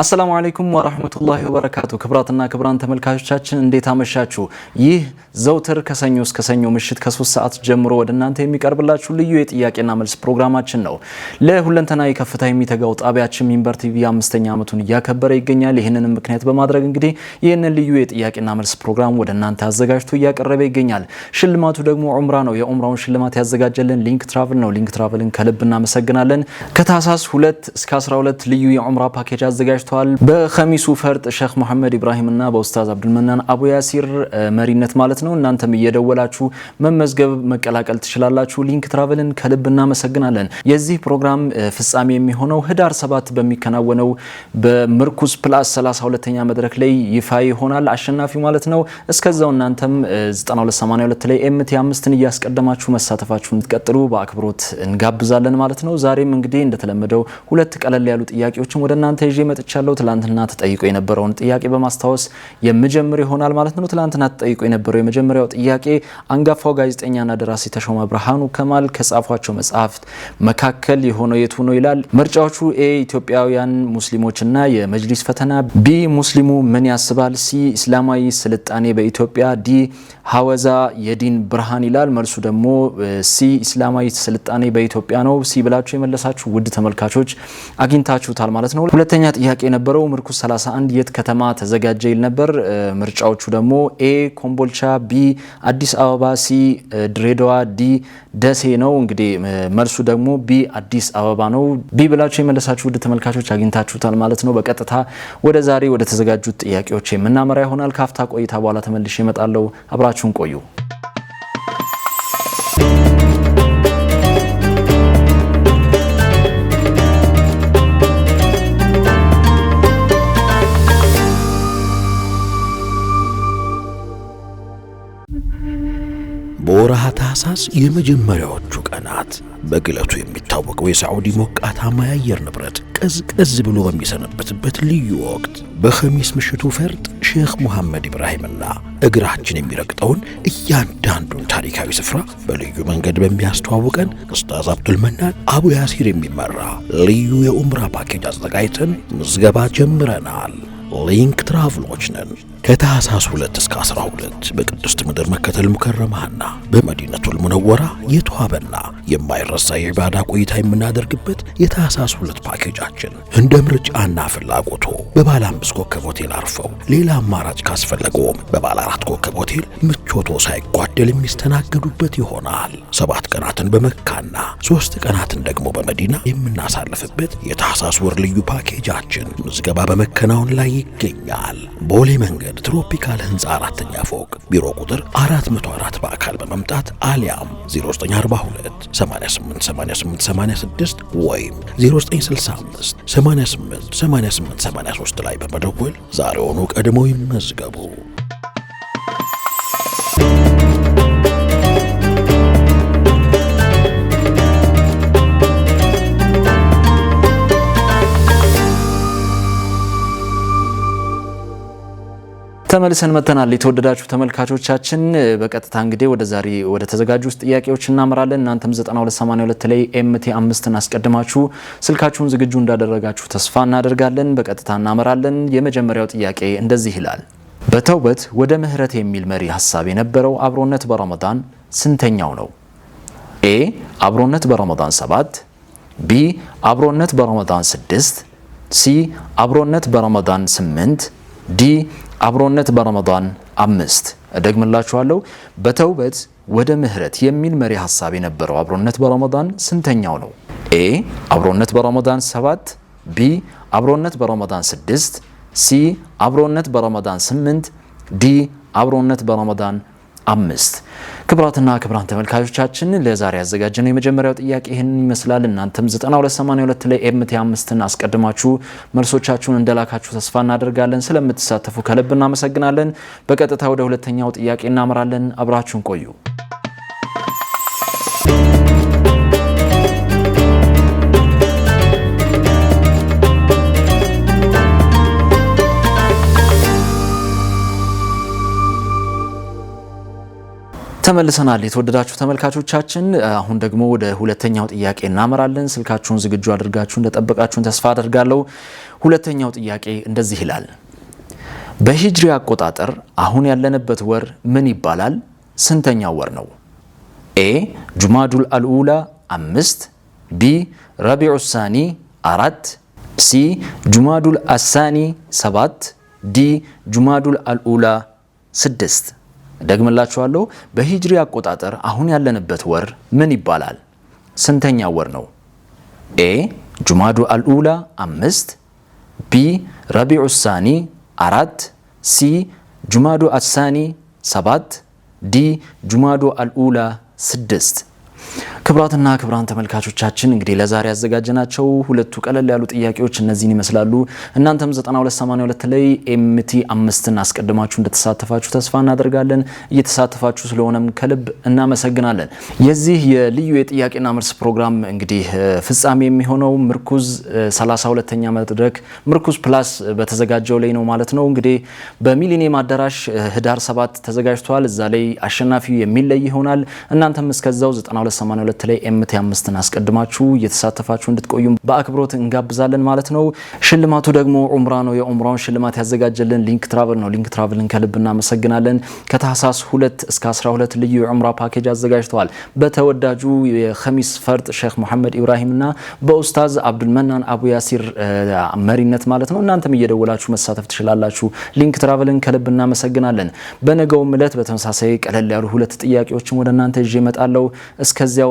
አሰላሙ አለይኩም ወራህመቱላሂ ወበረካቱ። ክብራትና ክብራን ተመልካቾቻችን እንዴት አመሻችሁ? ይህ ዘውትር ከሰኞ እስከ ሰኞ ምሽት ከሶስት ሰዓት ጀምሮ ወደ እናንተ የሚቀርብላችሁ ልዩ የጥያቄና መልስ ፕሮግራማችን ነው። ለሁለንተናዊ ከፍታ የሚተጋው ጣቢያችን ሚንበር ቲቪ አምስተኛ ዓመቱን እያከበረ ይገኛል። ይህንንም ምክንያት በማድረግ እንግዲህ ይህንን ልዩ የጥያቄና መልስ ፕሮግራም ወደ እናንተ አዘጋጅቶ እያቀረበ ይገኛል። ሽልማቱ ደግሞ ዑምራ ነው። የዑምራውን ሽልማት ያዘጋጀልን ሊንክ ትራቭል ነው። ሊንክ ትራቭልን ከልብ እናመሰግናለን። ከታህሳስ 2 እስከ 12 ልዩ የዑምራ ፓኬጅ አዘጋጅ ተዘጋጅተዋል። በከሚሱ ፈርጥ ሼክ ኢብራሂም ኢብራሂምና በኡስታዝ አብዱልመናን አቡ ያሲር መሪነት ማለት ነው። እናንተም እየደወላችሁ መመዝገብ መቀላቀል ትችላላችሁ። ሊንክ ትራቨልን ከልብ እናመሰግናለን። የዚህ ፕሮግራም ፍጻሜ የሚሆነው ህዳር ሰባት በሚከናወነው በምርኩስ ፕላስ 32ኛ መድረክ ላይ ይፋ ይሆናል፣ አሸናፊው ማለት ነው። እስከዛው እናንተም 9282 ላይ ኤምቲ አምስትን እያስቀደማችሁ መሳተፋችሁ እንድትቀጥሉ በአክብሮት እንጋብዛለን ማለት ነው። ዛሬም እንግዲህ እንደተለመደው ሁለት ቀለል ያሉ ጥያቄዎችን ወደ እናንተ ይዤ መጥቻ ተመልሻለሁ። ትላንትና ተጠይቆ የነበረውን ጥያቄ በማስታወስ የምጀምር ይሆናል ማለት ነው። ትላንትና ተጠይቆ የነበረው የመጀመሪያው ጥያቄ አንጋፋው ጋዜጠኛና ደራሲ ተሾመ ብርሃኑ ከማል ከጻፏቸው መጽሐፍት መካከል የሆነው የቱ ነው ይላል። ምርጫዎቹ ኤ ኢትዮጵያውያን ሙስሊሞችና የመጅሊስ ፈተና፣ ቢ ሙስሊሙ ምን ያስባል፣ ሲ እስላማዊ ስልጣኔ በኢትዮጵያ፣ ዲ ሀወዛ የዲን ብርሃን ይላል። መልሱ ደግሞ ሲ እስላማዊ ስልጣኔ በኢትዮጵያ ነው። ሲ ብላችሁ የመለሳችሁ ውድ ተመልካቾች አግኝታችሁታል ማለት ነው። ሁለተኛ ጥያቄ ጥያቄ የነበረው ምርኩስ 31 የት ከተማ ተዘጋጀ ይል ነበር። ምርጫዎቹ ደግሞ ኤ ኮምቦልቻ፣ ቢ አዲስ አበባ፣ ሲ ድሬዳዋ፣ ዲ ደሴ ነው። እንግዲህ መልሱ ደግሞ ቢ አዲስ አበባ ነው። ቢ ብላችሁ የመለሳችሁ ውድ ተመልካቾች አግኝታችሁታል ማለት ነው። በቀጥታ ወደ ዛሬ ወደ ተዘጋጁት ጥያቄዎች የምናመራ ይሆናል። ካፍታ ቆይታ በኋላ ተመልሼ እመጣለሁ። አብራችሁን ቆዩ። ታህሳስ የመጀመሪያዎቹ ቀናት በግለቱ የሚታወቀው የሳዑዲ ሞቃታማ የአየር ንብረት ቀዝቀዝ ብሎ በሚሰነበትበት ልዩ ወቅት በኸሚስ ምሽቱ ፈርጥ ሼኽ ሙሐመድ ኢብራሂምና እግራችን የሚረግጠውን እያንዳንዱን ታሪካዊ ስፍራ በልዩ መንገድ በሚያስተዋውቀን ኡስታዝ አብዱልመናን አቡ ያሲር የሚመራ ልዩ የኡምራ ፓኬጅ አዘጋጅተን ምዝገባ ጀምረናል። ሊንክ ትራቭሎች ነን። ከታህሳስ 2 እስከ 12 በቅድስት ምድር መከተል ሙከረማና በመዲነቱል ሙነወራ የተዋበና የማይረሳ የባዳ ቆይታ የምናደርግበት የታህሳስ 2 ፓኬጃችን እንደ ምርጫና ፍላጎቶ በባለ አምስት ኮከብ ሆቴል አርፈው ሌላ አማራጭ ካስፈለገውም በባለ አራት ኮከብ ሆቴል ምቾቶ ሳይጓደል የሚስተናገዱበት ይሆናል። ሰባት ቀናትን በመካና ሶስት ቀናትን ደግሞ በመዲና የምናሳልፍበት የታህሳስ ወር ልዩ ፓኬጃችን ምዝገባ በመከናወን ላይ ይገኛል። ቦሌ መንገድ ሮድ ትሮፒካል ህንፃ አራተኛ ፎቅ ቢሮ ቁጥር 404 በአካል በመምጣት አሊያም 0942 888886 ወይም 0965 888883 ላይ በመደወል ዛሬውኑ ቀድመው ይመዝገቡ። ተመልሰን መተናል። የተወደዳችሁ ተመልካቾቻችን በቀጥታ እንግዲህ ወደ ዛሬ ወደ ተዘጋጁ ውስጥ ጥያቄዎች እናምራለን። እናንተም 9282 ላይ ኤምቲ አምስትን አስቀድማችሁ ስልካችሁን ዝግጁ እንዳደረጋችሁ ተስፋ እናደርጋለን። በቀጥታ እናምራለን የመጀመሪያው ጥያቄ እንደዚህ ይላል። በተውበት ወደ ምህረት የሚል መሪ ሀሳብ የነበረው አብሮነት በረመዳን ስንተኛው ነው? ኤ አብሮነት በረመዳን 7፣ ቢ አብሮነት በረመዳን 6፣ ሲ አብሮነት በረመዳን 8 ዲ አብሮነት በረመዳን አምስት እደግምላችኋለሁ በተውበት ወደ ምህረት የሚል መሪ ሀሳብ የነበረው አብሮነት በረመዳን ስንተኛው ነው? ኤ አብሮነት በረመዳን ሰባት ቢ አብሮነት በረመዳን ስድስት ሲ አብሮነት በረመዳን ስምንት ዲ አብሮነት በረመዳን አምስት ክብራትና ክብራን ተመልካቾቻችን ለዛሬ ያዘጋጀነው የመጀመሪያው ጥያቄ ይህንን ይመስላል። እናንተም 9282 ላይ ኤምቲ አምስትን አስቀድማችሁ መልሶቻችሁን እንደላካችሁ ተስፋ እናደርጋለን። ስለምትሳተፉ ከልብ እናመሰግናለን። በቀጥታ ወደ ሁለተኛው ጥያቄ እናምራለን። አብራችሁን ቆዩ። ተመልሰናል የተወደዳችሁ ተመልካቾቻችን። አሁን ደግሞ ወደ ሁለተኛው ጥያቄ እናመራለን። ስልካችሁን ዝግጁ አድርጋችሁ እንደጠበቃችሁን ተስፋ አድርጋለሁ። ሁለተኛው ጥያቄ እንደዚህ ይላል። በሂጅሪ አቆጣጠር አሁን ያለንበት ወር ምን ይባላል? ስንተኛው ወር ነው? ኤ ጁማዱል አልኡላ አምስት፣ ቢ ረቢዑ ሳኒ አራት፣ ሲ ጁማዱል አሳኒ ሰባት፣ ዲ ጁማዱል አልኡላ ስድስት ደግምላችኋለሁ። በሂጅሪ አቆጣጠር አሁን ያለንበት ወር ምን ይባላል? ስንተኛ ወር ነው? ኤ ጁማዱ አልኡላ አምስት፣ ቢ ረቢዑ ሳኒ አራት፣ ሲ ጁማዱ አሳኒ ሰባት፣ ዲ ጁማዱ አልኡላ ስድስት ክብራትና ክብራን ተመልካቾቻችን እንግዲህ ለዛሬ ያዘጋጀናቸው ሁለቱ ቀለል ያሉ ጥያቄዎች እነዚህን ይመስላሉ። እናንተም 9282 ላይ ኤምቲ አምስትን አስቀድማችሁ እንደተሳተፋችሁ ተስፋ እናደርጋለን። እየተሳተፋችሁ ስለሆነም ከልብ እናመሰግናለን። የዚህ የልዩ የጥያቄና መልስ ፕሮግራም እንግዲህ ፍጻሜ የሚሆነው ምርኩዝ 32ኛ መድረክ ምርኩዝ ፕላስ በተዘጋጀው ላይ ነው ማለት ነው። እንግዲህ በሚሊኒየም አዳራሽ ህዳር 7 ተዘጋጅቷል። እዛ ላይ አሸናፊው የሚለይ ይሆናል። እናንተም እስከዛው 9282 በተለይ ኤምቲ አምስትን አስቀድማችሁ እየተሳተፋችሁ እንድትቆዩ በአክብሮት እንጋብዛለን ማለት ነው። ሽልማቱ ደግሞ ዑምራ ነው። የዑምራውን ሽልማት ያዘጋጀልን ሊንክ ትራቭል ነው። ሊንክ ትራቭልን ከልብ እናመሰግናለን። ከታህሳስ ሁለት እስከ 12 ልዩ የዑምራ ፓኬጅ አዘጋጅተዋል። በተወዳጁ የከሚስ ፈርጥ ሼክ ሙሐመድ ኢብራሂምና በኡስታዝ አብዱልመናን አቡ ያሲር መሪነት ማለት ነው። እናንተም እየደወላችሁ መሳተፍ ትችላላችሁ። ሊንክ ትራቭልን ከልብ እናመሰግናለን። በነገውም እለት በተመሳሳይ ቀለል ያሉ ሁለት ጥያቄዎችን ወደ እናንተ ይዤ እመጣለሁ። እስከዚያው